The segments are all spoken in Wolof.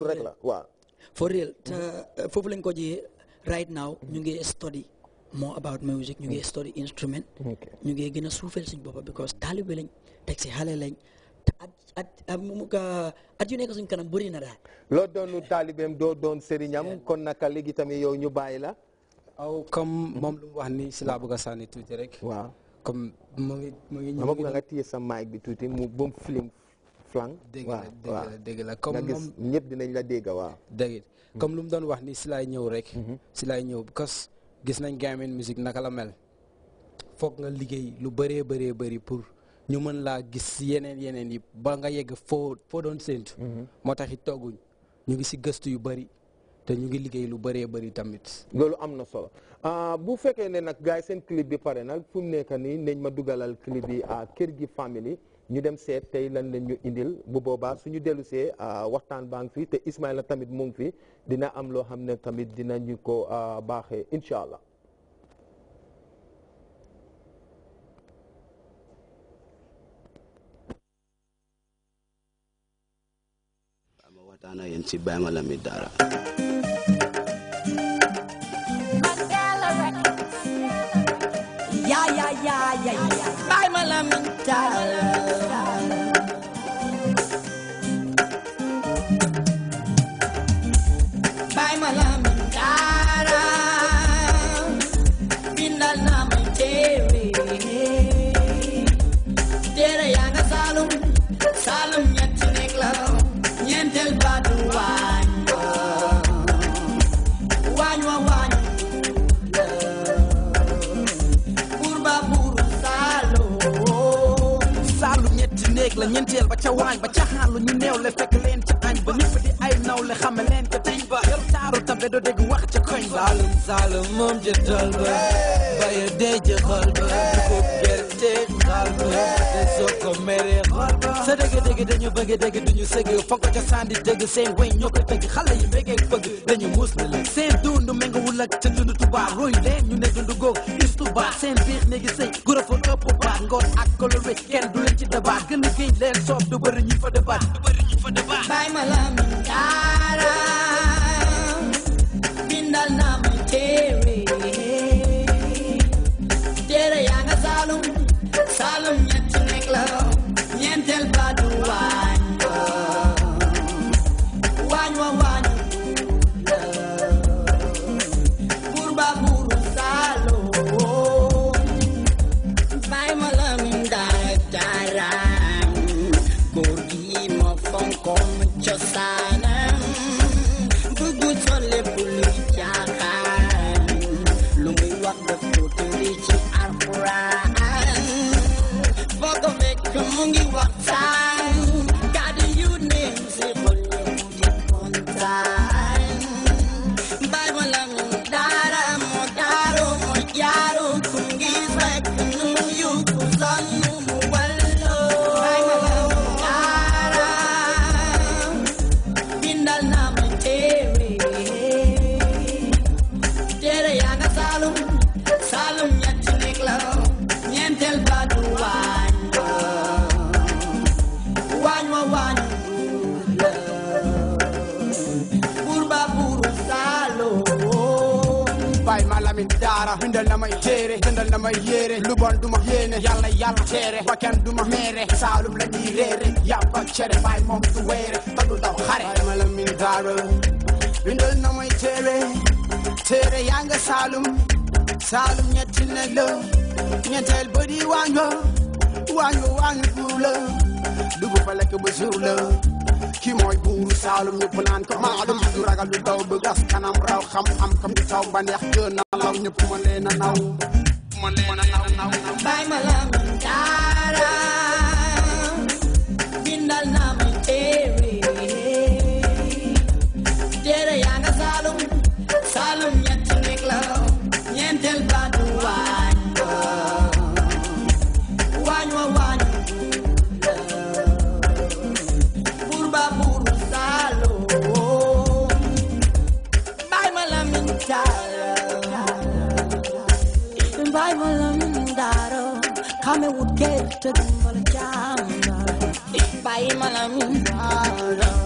rek la waaw for real eh, foofu lañ ko jiyee right now ñu ngi study more about music ñu ngi mm. study instrument ñu ngi gën a suufeel suñ boppa because taalibe lañ teg si xale lañ at at mu ka at kanam bëri na daal loo doonu taalibeem doo doon sëriñam kon naka léegi tamit yow ñu bàyyi la aw comme moom lu mu wax ni si laa bëgg a sànni rek waaw comme mu ngi mu ngi ñu ngi nga téye sa mic bi tuuti mu bu film flanc waaw waaw dégg la comme gis ñëpp dinañ la dégg waaw dégg hmm. comme lu mu doon wax ni si laay ñëw rek hmm. si laay ñëw because gis nañ Gambian music naka la mel foog nga liggéey lu bëree bëree bari pour ñu mën laa gis yeneen yeneen yi ba nga yegg foo foo doon séentu hmm. moo tax it togguñ ñu ngi si gëstu yu bëri te ñu ngi liggéey lu bëree bëri tamit loolu am na solo ah, bu fekkee ne nag gars yi seen clip bi pare nag fu mu nekk nii nañ ma dugalal clip bi Kër gi family ñu dem seet tey lan lañ ñu indil bu boobaa suñu dellusee ah, waxtaan baa ngi fi te Ismaila tamit mu ngi fi dina am loo xam ne tamit dina ñu ko ah, baaxee incha allah. waxtaan ak la ñeenteel ba ca waañ ba ca xaalu ñu néew le fekk leen ca añ ba ñëpp di ay naw le xame leen ca teñ ba yor taaru tambe doo dégg wax ca koñ ba saalum saalum moom jëtal ba baye dee ji xol ba dugub gerte xaal ba te soo ko meree xol ba sa dëgg dëgg dañu bëgg dëgg duñu sëgg fonk ca sandi dëgg seen weñ ñoo tëgg xale yi mbégeeg bëgg dañu muus na la seen dund méngawul ak ca dund tubaab roy leen ñu ne dund góog is tubaab seen biir néegi sëy gura fa ëpp xalaat ngoon ak colorique kenn du leen ci débat gën a géej leen soob du bëri ñi fa débat du bëri ñi fa débat bàyyi ma la you up time. dara bindal ma tere bindal ma yere lu bon duma yene yalla yalla tere bakkan duma mere salum la di rere yabba cere bay mom du were tadu daw xare ma la min dara bindal na may tere tere yanga salum salum ñetti na lo ñettel bari wango wango wango bula dugu fa lek bu suula ki mooy buuru saalum ñëpp nan ko maalum du ragal lu daw bëgg as kanam raw xam am kam du taw ba neex Kang ni pumalena na ubo Pumalena na ubo Bàyyi ma Lamin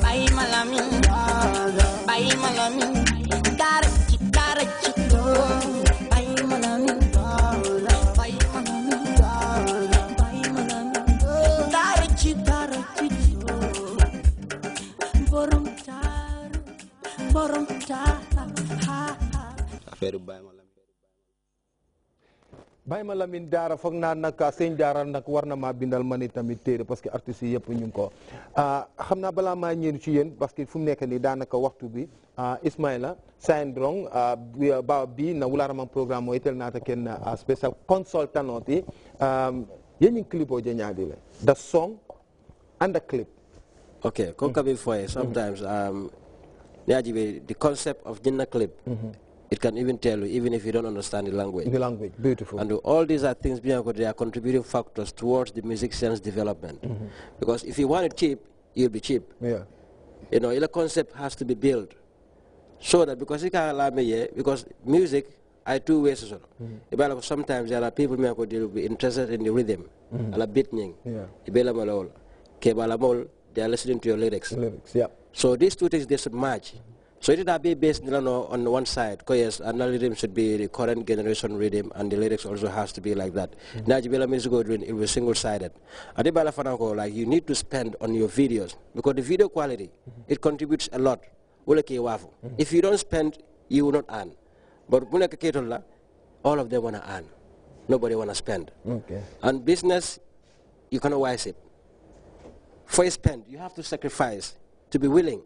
bàyyi ma Lamin bàyyi ma Lamin dara ci dara ci bàyyi ma Lamin bàyyi ma Lamin bàyyi ma Lamin dara ci dara ci borom taar borom taar affaire bàyyi ma Lamin bàyyi ma Lamine Diarra foog naa nag ah, sëñ Diarra nag war na ma bindal ma ni tamit téere parce que artistes yi yëpp ñu ngi ko ah, xam naa balaa maa ñëw ci yéen parce que fu mu nekk nii daanaka waxtu bi ah, Ismaila Sayen Drong ba bi na wularamam programme mooy itel naata kenn special consultant yi yéen ñu clip o jeñaadi le the song and clip okay ko mm. kabi foye sometimes um, the concept of jinna clip mm-hmm. It can even tell you, even if you don't understand the language. The language, beautiful. And all these are things, they are contributing factors towards the music sense development. Mm -hmm. Because if you want it cheap, you'll be cheap. Yeah. You know, the concept has to be built. So that because you can't allow me here, because music, I two ways. So. Mm-hmm. Sometimes there are people who will be interested in the rhythm, mm-hmm. and a beatnik. Yeah. They are listening to your lyrics. Lyrics, yeah. So these two things, they should match. So it not be based you know, on one side, because yes, another rhythm should be the current generation rhythm, and the lyrics also has to be like that. Hmm. Najibela music Godwin, it was single-sided. Adibala Fanako, like you need to spend on your videos, because the video quality, hmm. it contributes a lot. Hmm. If you don't spend, you will not earn. But all of them want to earn. Nobody want to spend. Okay. And business, you cannot wise it. For spend, you have to sacrifice to be willing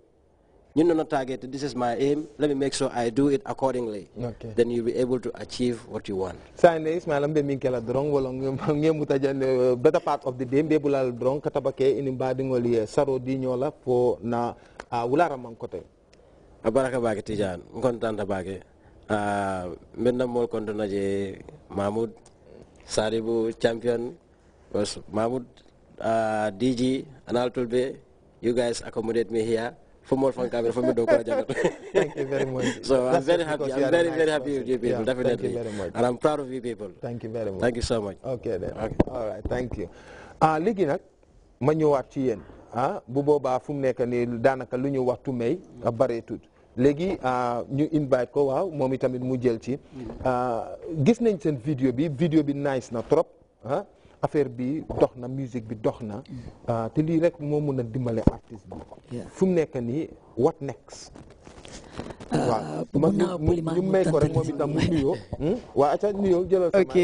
you know, not target, this is my aim, let me make sure I do it accordingly. Okay. Then you'll be able to achieve what you want. Sande Ismail ambe minkela drong walong muta mutajan uh, better part of the day mbe bulal drong katabake in mbadingoli saro di nyola po na wulara uh, mankote. Abaraka bake tijan, nkontanta bake. Uh, Mbenda mol kontona je Mahmoud, Saribu champion, was Mahmoud, uh, DG, analtulbe. you guys accommodate me here. for more fun camera for me to Thank you very much. So That's I'm very happy. I'm very, nice very happy person. with you people, yeah, definitely. Thank you very much. And I'm proud of you people. Thank you very much. Thank you so much. Okay then. Okay. All right, thank you. Uh, léegi nag ma ñëwaat ci yéen ah bu boobaa fu mu nekk nii daanaka lu ñu waxtu may bareetut léegi ah, ñu invite ko waaw moom itamit mu jël ci mm-hmm. ah, gis nañ seen vidéo bi vidéo bi nice na trop ah affaire bi dox na musique bi dox na mm. ah, te lii rek moo mën a dimbale artiste bi fu mu nekk nii what next waaw ñu may ko rek moom itam mu nuyoo hmm? waa aca nuyoo jëlal ok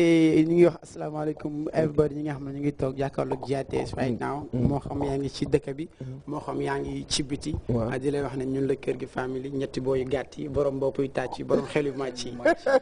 ñu ngi wax asalaamaaleykum everybody ñi nga xam ne ñu ngi toog jàkkaarloog GRTS right hmm. now hmm. moo xam yaa ngi dëkk bi moo xam yaa ngi ci biti ah, di lay wax ne ñun la kër gi famille ñetti booyu gàtt yi yu tàcc yi borom xel yu màcc yi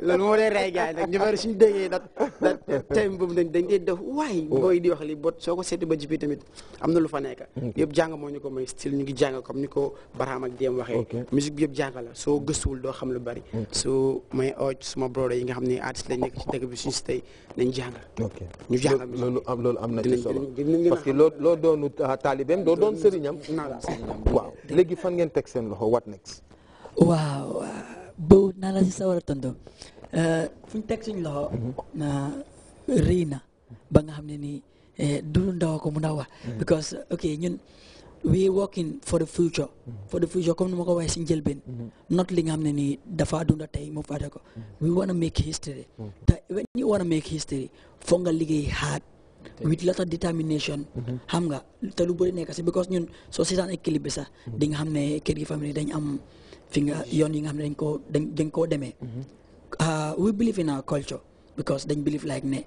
loolu moo dee rey gars yi nag ñu bari boobu dañ dee def waay booy di wax li bot soo ko seeti ba jibi tamit am na lu fa nekk yëpp jàng moo ñu ko may style ñu ngi jàng comme ni ko Barham ak Diem waxee musique bi yëpp jàng saga la soo gëstuwul doo xam lu bari. Mm. soo may ooj suma brodo yi nga xam ne artiste lañ nekk ci dëkk bi suñu si tey nañ jàng. ok ñu jàng loolu am loolu am na ci solo parce que loo loo doonu ah, taalibeem doo doon sëriñam. waaw léegi fan ngeen teg seen loxo what next. waaw boobu naa la si sa war a tontu euh, fu ñu teg suñu mm-hmm. na ba nga xam ne nii eh, du ndaw ko mun a wax. Mm-hmm. because ok ñun. we are working for the future for the future Come ni ma ko waxee si not lingam nga ne nii dafa dunda tey we wanna make history when you wanna make history fonga nga hard with lot of determination Hamga nga te lu bëri si because nyun society seetaan ay clip bi sax di nga xam ne kër gi am fi ne dañ uh, we believe in our culture because they believe like ne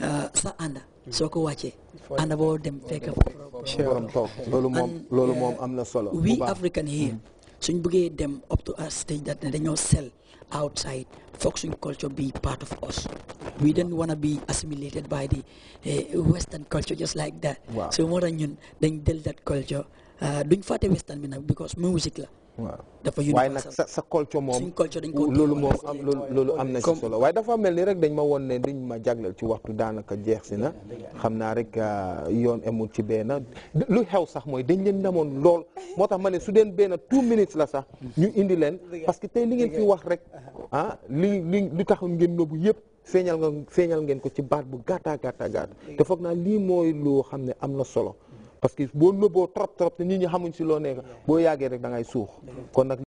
uh, sa ànda soo ko wàccee ànda dem fekk and uh, we African here hmm. so you bring them up to a stage that they dañoo sell outside foog culture be part of us we don't wanna be assimilated by the eh, western culture just like that so more than you then del that culture uh, doing fàtte western bi because music la waaw dafa universal waaye nag sa sa culture moom suñ culture loolu moom am loolu am na ci solo waaye dafa mel ni rek dañ ma woon ne dañ ma jagleel ci waxtu daanaka jeex si na xam naa rek euh, yoon emul ci benn lu xew sax mooy dañ leen demoon lool moo tax ma ne su deen benn two minutes la sax ñu indi leen parce que tey li ngeen fi wax rek uh-huh. ah li li lu tax ngeen noobu yëpp feeñal nga feeñal ngeen ko ci baat bu gàtta gàtta gàtta te foog naa lii mooy loo xam ne am na solo parce que boo nëbboo trop trop te ñi xamuñ si loo nekk boo yàggee rek da suux kon nag